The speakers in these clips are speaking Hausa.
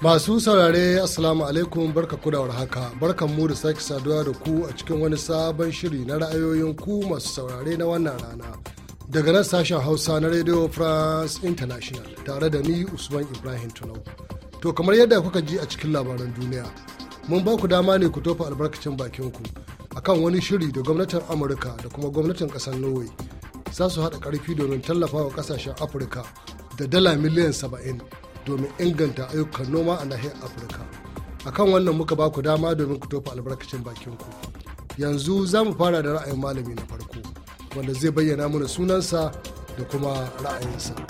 Masu saurare Assalamu alaikum barka ku haka warhaka barkan mu da sake saduwa da ku a cikin wani sabon shiri na ra'ayoyin ku masu saurare na wannan rana. Daga nan sashen Hausa na Radio France International tare da ni Usman Ibrahim Tunau. To kamar yadda kuka ji a cikin labaran duniya, mun ba ku dama ne ku tofa albarkacin bakin ku akan wani shiri da gwamnatin Amurka da kuma gwamnatin ƙasar Norway za su haɗa ƙarfi domin tallafawa ƙasashen afirka da dala miliyan 70 domin inganta ayyukan noma a nahiyar afirka a kan wannan muka ba ku dama domin ku tofa albarkacin bakinku yanzu za mu fara da ra'ayin malami na farko wanda zai bayyana mana sunansa da kuma ra'ayinsa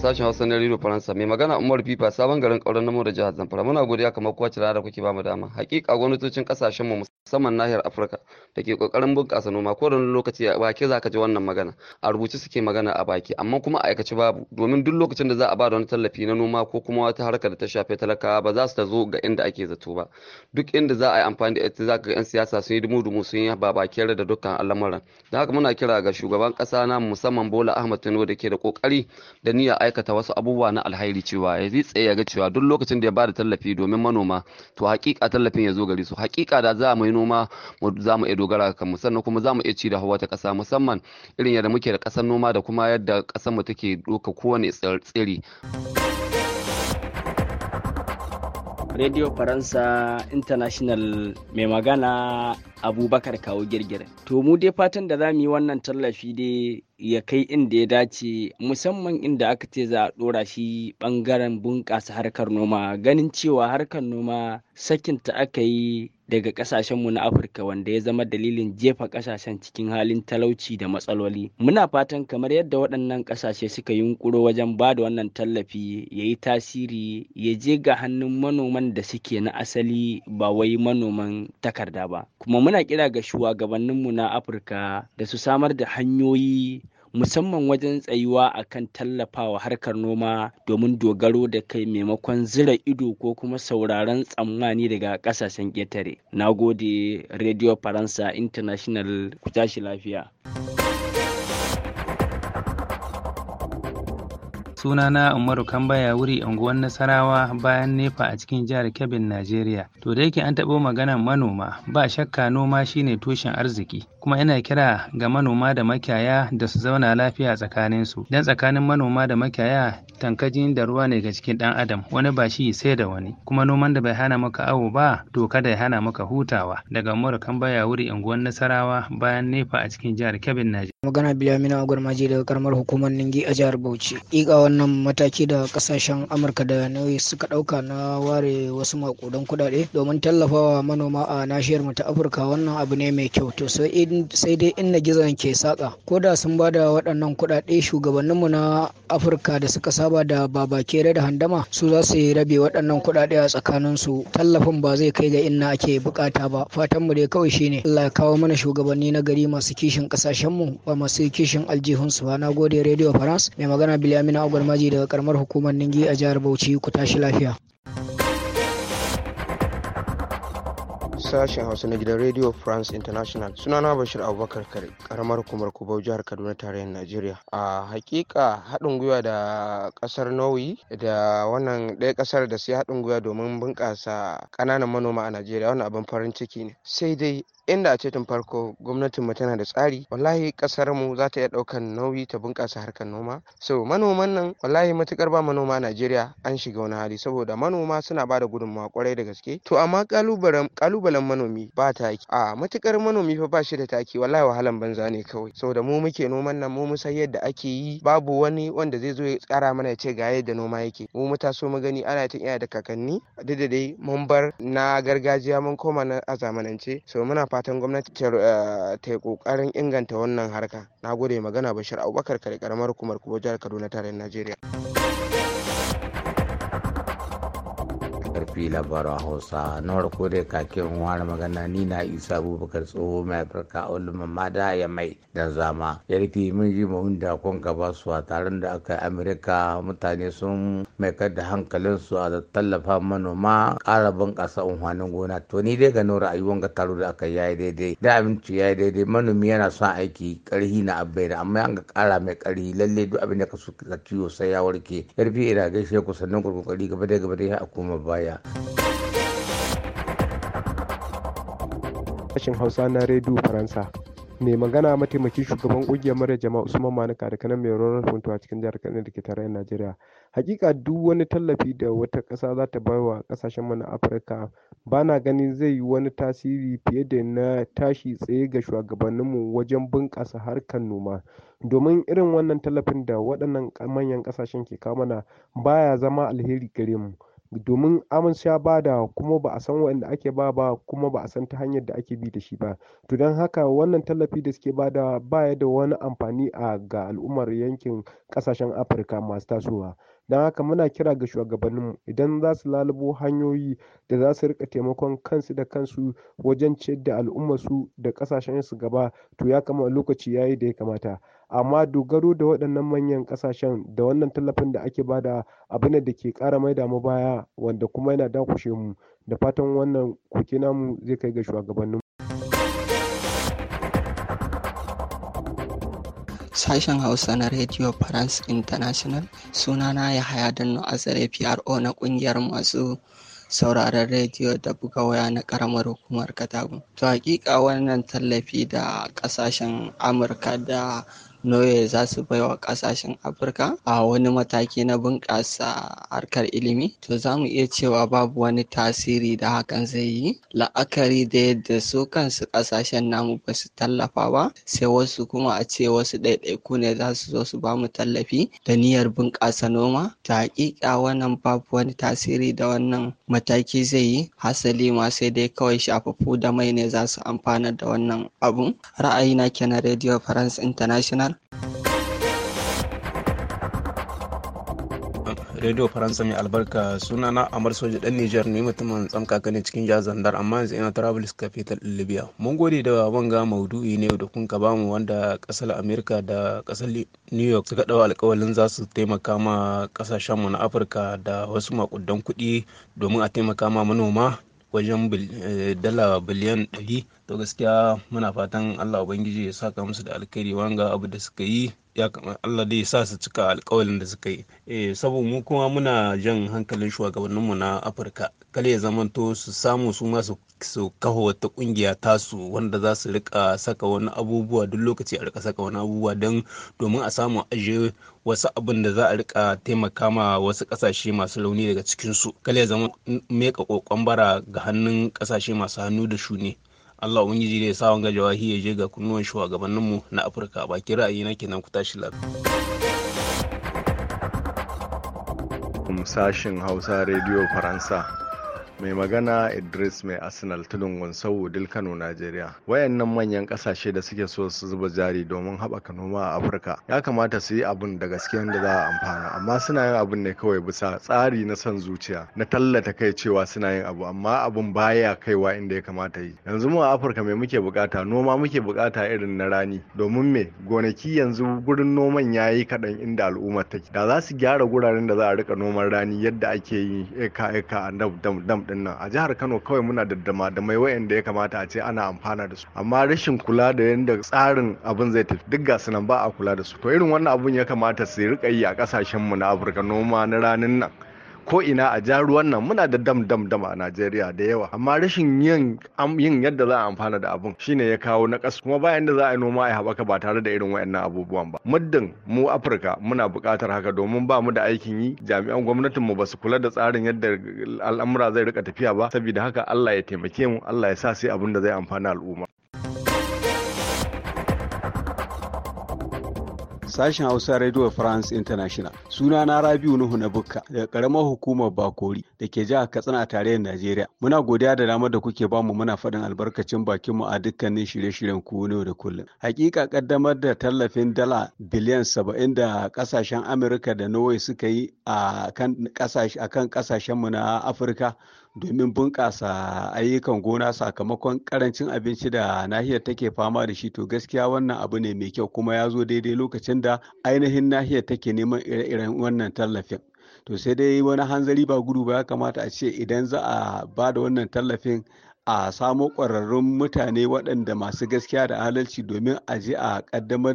sashen hausa na rediyo faransa mai magana umar fifa sabon garin kauran namo da jihar zamfara muna godiya kamar kowace rana da kuke bamu dama hakika gwamnatocin kasashen mu musamman nahiyar afirka da ke kokarin bunkasa noma ko wani lokaci a baki za ka ji wannan magana a rubuce suke magana a baki amma kuma a aikace babu domin duk lokacin da za a ba da wani tallafi na noma ko kuma wata harka da ta shafe talakawa ba za su ta zo ga inda ake zato ba duk inda za a yi amfani da ita ka ga yan siyasa sun yi dumu-dumu sun yi ba bakin da dukkan al'amuran da haka muna kira ga shugaban kasa na musamman bola ahmad tinubu da ke da kokari da niyya aikata wasu abubuwa na alhairi cewa ya ritse ya ga cewa duk lokacin da ya bada tallafi domin manoma to hakika tallafin ya zo gari su hakika da za mu yi noma za mu iya dogara ga mu sannan kuma za mu iya ci da hawa ta ƙasa musamman irin yadda muke da kasar noma da kuma yadda kasar mu take doka kowane tsiri. Radio Faransa International mai magana Abubakar Kawo Girgir. To mu dai fatan da za mu yi wannan tallafi dai ya kai inda ya dace musamman inda aka ce za a ɗora shi ɓangaren bunƙasa harkar noma ganin cewa harkar noma sakinta aka yi daga kasashenmu na Afirka wanda ya zama dalilin jefa kasashen cikin halin talauci da matsaloli. Muna fatan kamar yadda waɗannan kasashe suka yunkuro wajen ba da wannan tallafi ya yi tasiri ya je ga hannun manoman da suke na asali ba wai manoman takarda ba. Kuma muna kira ga shugabanninmu na Afirka da su samar da hanyoyi musamman wajen tsayuwa akan tallafawa harkar noma domin dogaro da kai maimakon zira ido ko kuma sauraron tsammani daga ƙasashen ƙetare. Na gode Radio Faransa International ku tashi lafiya. sunana umaru kambaya wuri unguwar nasarawa bayan nefa a cikin jihar kebbin najeriya to da yake an taɓo maganan manoma ba shakka noma shine tushen arziki kuma yana kira ga manoma da makiyaya da su zauna lafiya tsakanin su dan tsakanin manoma da makiyaya tankajin da ruwa ne ga cikin dan adam wani ba shi sai da wani kuma noman da bai hana maka awo ba to kada ya hana maka hutawa daga murakan baya wuri unguwar nasarawa bayan nefa a cikin jihar Kebbin Najeriya. Magana Bilamina Agwarmaji daga karamar hukumar Ningi a jihar Bauchi. Ika wannan mataki da kasashen Amurka da nauyi suka ɗauka na ware wasu makudan kuɗaɗe? domin tallafawa manoma a nashiyar mu ta Afirka wannan abu ne mai kyau to sai sai dai inna gizon ke saka ko da sun ba da waɗannan kuɗaɗe shugabanninmu na afirka da suka saba da babakere da handama su za su rabe waɗannan kuɗaɗe a tsakaninsu tallafin ba zai kai ga inna ake bukata ba fatanmu dai kawai shine allah ya kawo mana shugabanni na gari masu kishin ƙasashenmu ba masu kishin aljihunsu ba na gode radio france mai magana bilamina agwalmaji daga karamar hukumar ningi a jihar bauchi ku tashi lafiya sashen hausa na gidan radio france international sunana bashir abubakar kare karamar hukumar kuba jihar kaduna tarayyar najeriya a hakika haɗin gwiwa da ƙasar norway da wannan ɗaya ƙasar da sai haɗin gwiwa domin bunƙasa ƙananan manoma a najeriya wannan abin farin ciki ne sai dai inda a ce tun farko gwamnatin mu tana da tsari wallahi kasar mu za ta iya daukan nauyi ta bunkasa harkar noma so manoman nan wallahi matukar ba manoma Najeriya an shiga wani hali saboda manoma suna bada gudunmawa kwarai da gaske to amma kalubalen kalubalen manomi ba taki a matukar manomi fa ba shi da taki wallahi wahalan banza ne kawai saboda mu muke noman nan mu musa yadda ake yi babu wani wanda zai zo ya tsara mana ya ce ga yadda noma yake mu mu taso mu gani ana tun iya da kakanni duk da dai mun bar na gargajiya mun koma na a zamanance so muna fatan gwamnati ta eh, yi kokarin inganta wannan harka na gode magana bashir abubakar kare karamar hukumar kuma jihar kaduna tarayyar najeriya tv labaran hausa na farko dai kakin wani magana ni na isa abubakar tsoho mai afirka olumin mada ya mai dan zama ya rufe mun ji mun da kun gaba su a taron da aka yi amurka mutane sun mai da hankalin su a tallafa manoma ƙara bunƙasa unhwanin gona to ni dai ga ra'ayuwan ga taro da aka yi daidai da abinci yayi daidai manomi yana son aiki ƙarhi na abai da amma an ga ƙara mai karhi lalle duk abin da ka so ka ciwo sai ya warke yarfi ina gaishe ku sannan ku gaba da gaba da ya koma baya Sashen Hausa na Rediyo Faransa. Mai magana mataimakin shugaban ƙungiyar mara jama'a Usman Manuka da kanan mai rawar a cikin jihar Kaduna da ke tarayyar Najeriya. Hakika duk wani tallafi da wata ƙasa za ta bai wa ƙasashen mu na Afirka ba na ganin zai yi wani tasiri fiye da na tashi tsaye ga shugabanninmu wajen bunƙasa harkar noma. domin irin wannan tallafin da waɗannan manyan ƙasashen ke kawo mana baya zama alheri gare mu domin Amos ya bada kuma ba a san waɗanda ake ba ba kuma ba a san ta hanyar da ake bi da shi ba. To don haka wannan tallafi da suke bada ba ya da wani amfani a ga al'ummar yankin kasashen Afirka masu tasowa. Don haka muna kira ga shugabanninmu idan za su lalubo hanyoyi da za su rika taimakon kansu da kansu wajen ciyar da al'ummarsu da kasashen su gaba to ya kama lokaci yayi da ya kamata. Amma dogaro da waɗannan manyan kasashen da wannan tallafin da ake bada da abu ne da ke ƙara maida mu baya wanda kuma yana dakushe mu. Da fatan wannan koke namu zai kai ga shugabanninmu. Sashen Hausa na Radio France International sunana ya haya danno azare PRO na kungiyar masu sauraron rediyo da buga waya na karamar hukumar Katagun. To hakika wannan tallafi da kasashen Amurka da Noye za su bai wa ƙasashen Afirka a wani mataki na bunƙasa harkar ilimi, to za mu iya cewa babu wani tasiri da hakan zai yi, la'akari da yadda su kansu ƙasashen namu ba su tallafa ba, sai wasu kuma a ce wasu ɗaiɗaiku ne za su zo su ba mu tallafi da niyyar bunƙasa noma, ta haƙiƙa wannan babu wani tasiri da wannan mataki zai yi, hasali ma sai dai kawai shafafu da mai ne za su amfana da wannan abun. Ra'ayina kenan Radio France International Iran. Radio Faransa mai albarka suna na Amar Soja dan Nijar ne mutumin tsamkaka ne cikin jazandar amma yanzu ina Travelers Capital Libya. Mun gode da wanga maudu'i ne da kun ka bamu wanda kasar Amerika da kasar New York suka dawo alkawalin za su taimaka ma kasashenmu na Afirka da wasu makudan kuɗi domin a taimaka ma manoma wajen eh, dala biliyan ɗari to gaskiya muna fatan allah ubangiji ya saka musu da alkhairi wanga abu da suka yi ya Allah dai sa su cika alkawalin da suka yi eh saboda mu kuma muna jan hankalin shugabanninmu na Afirka kar ya zamanto su samu su masu su kaho wata kungiya tasu wanda za su rika saka wani abubuwa duk lokaci a rika saka wani abubuwa don domin a samu aje wasu abin da za a rika taimaka ma wasu kasashe masu launi daga cikinsu kar ya zama meka kokon bara ga hannun kasashe masu hannu da shuni Allah ubangiji da ya sa wanga jawahi ya je ga kunnuwan shugabanninmu na Afirka ba baki ra'ayi na kenan ku tashi lafiya. sashin hausa rediyo faransa mai magana idris mai arsenal tudun wansau dilkano kano najeriya wayannan manyan kasashe da suke so su zuba jari domin haɓaka noma a afirka ya kamata su yi abin da gaske da za a amfana amma suna yin abin ne kawai bisa tsari na son zuciya na tallata kai cewa suna yin abu amma abin baya kaiwa inda ya kamata yi yanzu mu a afirka mai muke bukata noma muke bukata irin na rani domin me gonaki yanzu gurin noman ya yi kaɗan inda al'umma take da za su gyara guraren da za a rika noman rani yadda ake yi eka eka a dam dam din nan a jihar kano kawai muna da damadamai wayanda ya kamata a ce ana amfana da su amma rashin kula da yadda tsarin abin zai tafi duk ga nan ba a kula da su to irin wannan abun ya kamata su rika yi a kasashen mu na afirka noma na ranin nan ko ina a ja ruwan nan muna da dam dam dam a Najeriya da yawa amma rashin yin yadda za a amfana da abun shine ya kawo na kasu kuma bayan da za a yi noma a haɓaka ba tare da irin wayannan abubuwan ba muddin mu Afirka muna buƙatar haka domin ba mu da aikin yi jami'an gwamnatin mu ba su kula da tsarin yadda al'amura zai rika tafiya ba saboda haka Allah ya taimake mu Allah ya sa sai abin da zai amfana al'umma sashen Hausa Radio France International. Suna na Rabiu Nuhu na Bukka daga karamar hukumar Bakori da ke jihar Katsina a tarayyar Najeriya. Muna godiya da damar da kuke bamu muna faɗin albarkacin bakin mu a dukkanin shirye-shiryen ku ne da kullum. Hakika kaddamar da tallafin dala biliyan saba'in da kasashen Amurka da Norway suka yi a kan kasashen mu na Afirka domin bunƙasa ayyukan gona sakamakon karancin abinci da nahiyar take fama da shi to gaskiya wannan abu ne mai kyau kuma ya zo daidai lokacin da yadda ainihin nahiyar take neman ire-iren wannan tallafin to sai dai wani hanzari ba gudu ba ya kamata a ce idan za a ba da wannan tallafin a samo ƙwararrun mutane waɗanda masu gaskiya da adalci domin a je a ƙaddamar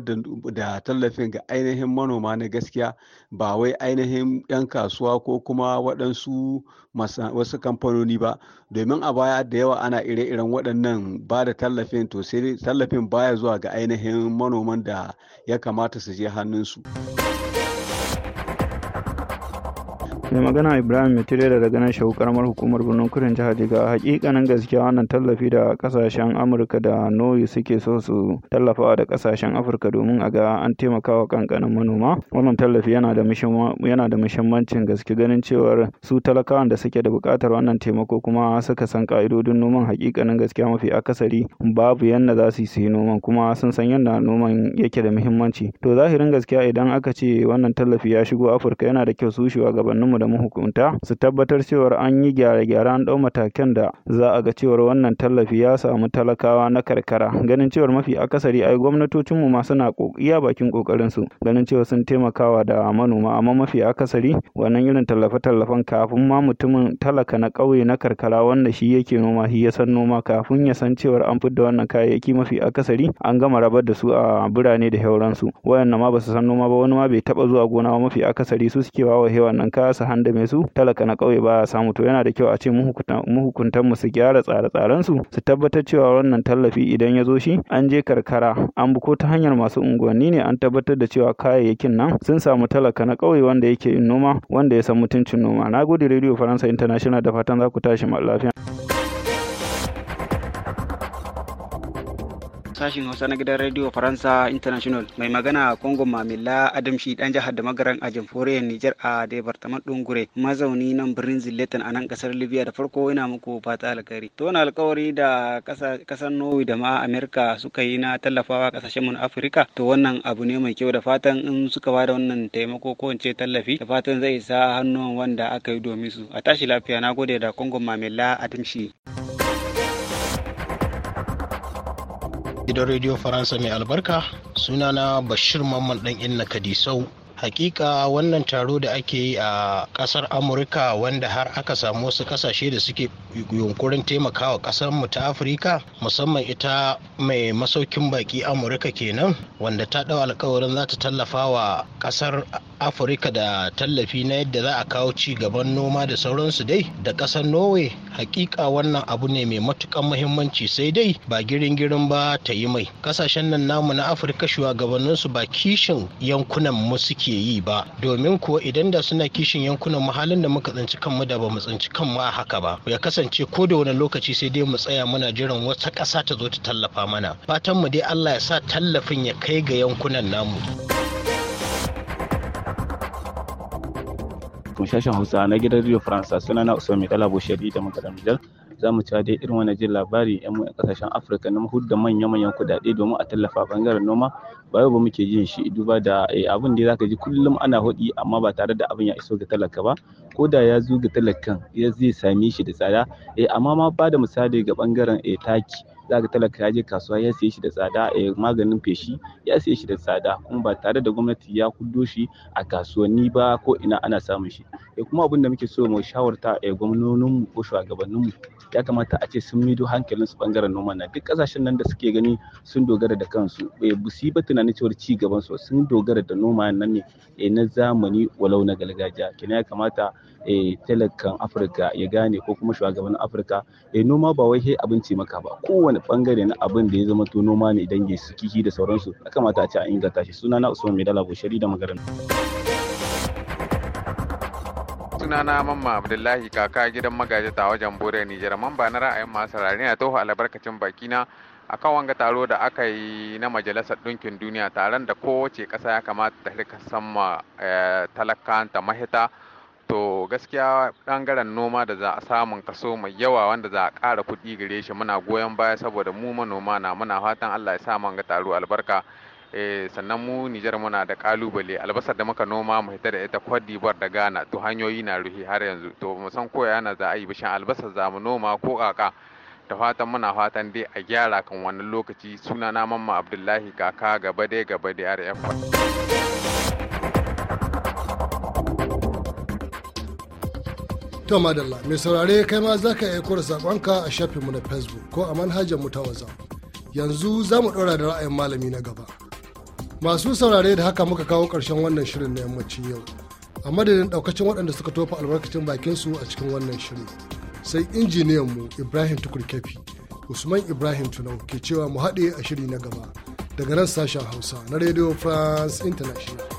da tallafin ga ainihin manoma na gaskiya ba wai ainihin 'yan kasuwa ko kuma waɗansu wasu kamfanoni ba domin a baya da yawa ana ire-iren waɗannan ba da tallafin to sai tallafin baya zuwa ga ainihin manoman da ya kamata su je hannunsu. mai magana ibrahim da daga nan shahu karamar hukumar birnin kudin jihar jiga hakikanin gaskiya wannan tallafi da kasashen amurka da noyi suke so su tallafawa da kasashen afirka domin a ga an taimakawa kankanin manoma wannan tallafi yana da muhimmancin gaske ganin cewar su talakawan da suke da bukatar wannan taimako kuma suka san ka'idodin noman hakikanin gaskiya mafi akasari babu yadda za su yi noman kuma sun san yadda noman yake da muhimmanci to zahirin gaskiya idan aka ce wannan tallafi ya shigo afirka yana da kyau su shugabanninmu da da mahukunta su tabbatar cewar an yi gyare-gyare an ɗau matakan da za a ga cewar wannan tallafi ya samu talakawa na karkara ganin cewar mafi akasari ai gwamnatocinmu ma suna iya bakin kokarin su ganin cewa sun taimakawa da manoma amma mafi akasari wannan irin tallafe-tallafen kafin ma mutumin talaka na ƙauye na karkara wanda shi yake noma shi ya san noma kafin ya san cewar an fidda wannan kayayyaki mafi akasari an gama rabar da su a birane da hauransu wayannan ma ba su san noma ba wani ma bai taba zuwa gona mafi akasari su suke wawa hewan nan kasa handame su talaka na ƙauye baya samu to yana da kyau a ce mahukuntan mu su gyara tsare-tsaren su su tabbatar cewa wannan tallafi idan ya zo shi an je karkara an buko ta hanyar masu unguwanni ne an tabbatar da cewa kayayyakin nan sun samu talaka na ƙauye wanda yake yin noma wanda ya san mutuncin noma na gode radio faransa international da fatan za ku tashi lafiya. sashin Hausa na gidan Radio Faransa International. Mai magana Kongo Mamila Adamshi dan jihar da magaran a jamhuriyar niger a Departement Dungure. Mazauni nan birnin Zilletan a nan kasar Libya da farko ina muku fata alkhairi. To wani alkawari da kasar Norway da ma Amerika suka yi na tallafawa kasashen mu na Afirka. To wannan abu ne mai kyau da fatan in suka bada wannan taimako ko in tallafi da fatan zai sa hannun wanda aka yi domin su. A tashi lafiya na gode da Kongo Mamila Adamshi. Gidan Radio Faransa mai albarka sunana Bashir Mamman ɗan Inna Kadisau hakika wannan taro da ake yi a kasar amurka wanda har aka samu wasu kasashe da suke yunkurin taimakawa kasar mu ta afirka musamman ita mai masaukin baki amurka kenan wanda ta ɗau alkawarin za ta tallafa wa kasar afirka da tallafi na yadda za a kawo ci gaban noma da sauransu dai da ƙasar norway hakika wannan abu ne mai matukan muhimmanci sai dai ba girin-girin ba ta yi mai Ƙasashen nan namu na afirka shugabanninsu ba kishin yankunan mu suke yi ba domin kuwa idan da suna kishin yankunan mu halin da muka tsinci kanmu da ba mu tsinci kanmu a haka ba ya kasance ko da wani lokaci sai dai mu tsaya muna jiran wata ƙasa ta zo ta tallafa mana fatan mu dai allah ya sa tallafin ya kai ga yankunan namu. alaikum hausa na gidan rio faransa suna na usa mai dala boshari da makarar nijar za mu cewa dai irin wannan jin labari yan mu kasashen afirka na mahud da manya manyan kudade domin a tallafa bangaren noma ba yau ba muke jin shi duba da eh, abin da zaka ji kullum ana hudi amma ba tare da abin ya iso ga talaka ba ko da ya zo ga talakan ya zai same shi da tsada eh, amma ma ba da misali ga bangaren eh, taki za ka talaka ya je kasuwa ya siye shi da tsada eh, maganin feshi ya siye shi da tsada kuma ba tare da gwamnati ya kuddo shi a kasuwanni ba ko ina ana samun shi eh, kuma abin da muke so mu shawarta eh, mu ko shugabanninmu ya kamata a ce sun mido hankalin su bangaren noma na duk kasashen nan da suke gani sun dogara da kansu busi ba tunanin cewar ci gaban su sun dogara da noma nan ne na zamani walau na gargajiya kenan ya kamata talakan afirka ya gane ko kuma shugabannin afirka noma ba wai abinci maka ba kowane wani bangare na abin da ya zama to noma ne dangi su kiki da sauransu ya kamata a ce an inganta shi suna na usman medala bushari da suna na mamma abdullahi kaka gidan magajata wajen bore nijar mamba na ra'ayin masu rari na toho albarkacin a kan wanga taro da aka yi na majalisar ɗinkin duniya taron da kowace kasa ya kamata ta rika sama eh, talakanta mahita to gaskiya ɓangaren noma da za a samun kaso mai yawa wanda za a ƙara kuɗi gare shi muna goyon baya saboda mu manoma na muna fatan allah ya sa ga taro albarka eh, sannan mu nijar muna da kalubale albasar da muka noma mu hita da ita kwadibar da gana to hanyoyi na ruhi har yanzu to mu san ko yana za a yi bishan albasar za mu noma ko kaka da fatan muna fatan dai a gyara kan wannan lokaci suna na mamma abdullahi kaka gaba dai gaba dai rf To madalla mai saurare kai ma za ka aiko da saƙonka a shafinmu na Facebook ko a manhajar mu ta waza. Yanzu za mu ɗora da ra'ayin malami na gaba. Masu saurare da haka muka kawo ƙarshen wannan shirin na yammacin yau. A madadin ɗaukacin waɗanda suka tofa albarkacin bakin su a cikin wannan shirin. Sai injiniyan mu Ibrahim tukurkefi Usman Ibrahim Tunau ke cewa mu haɗe a shiri na gaba. Daga nan sashen Hausa na Radio France International.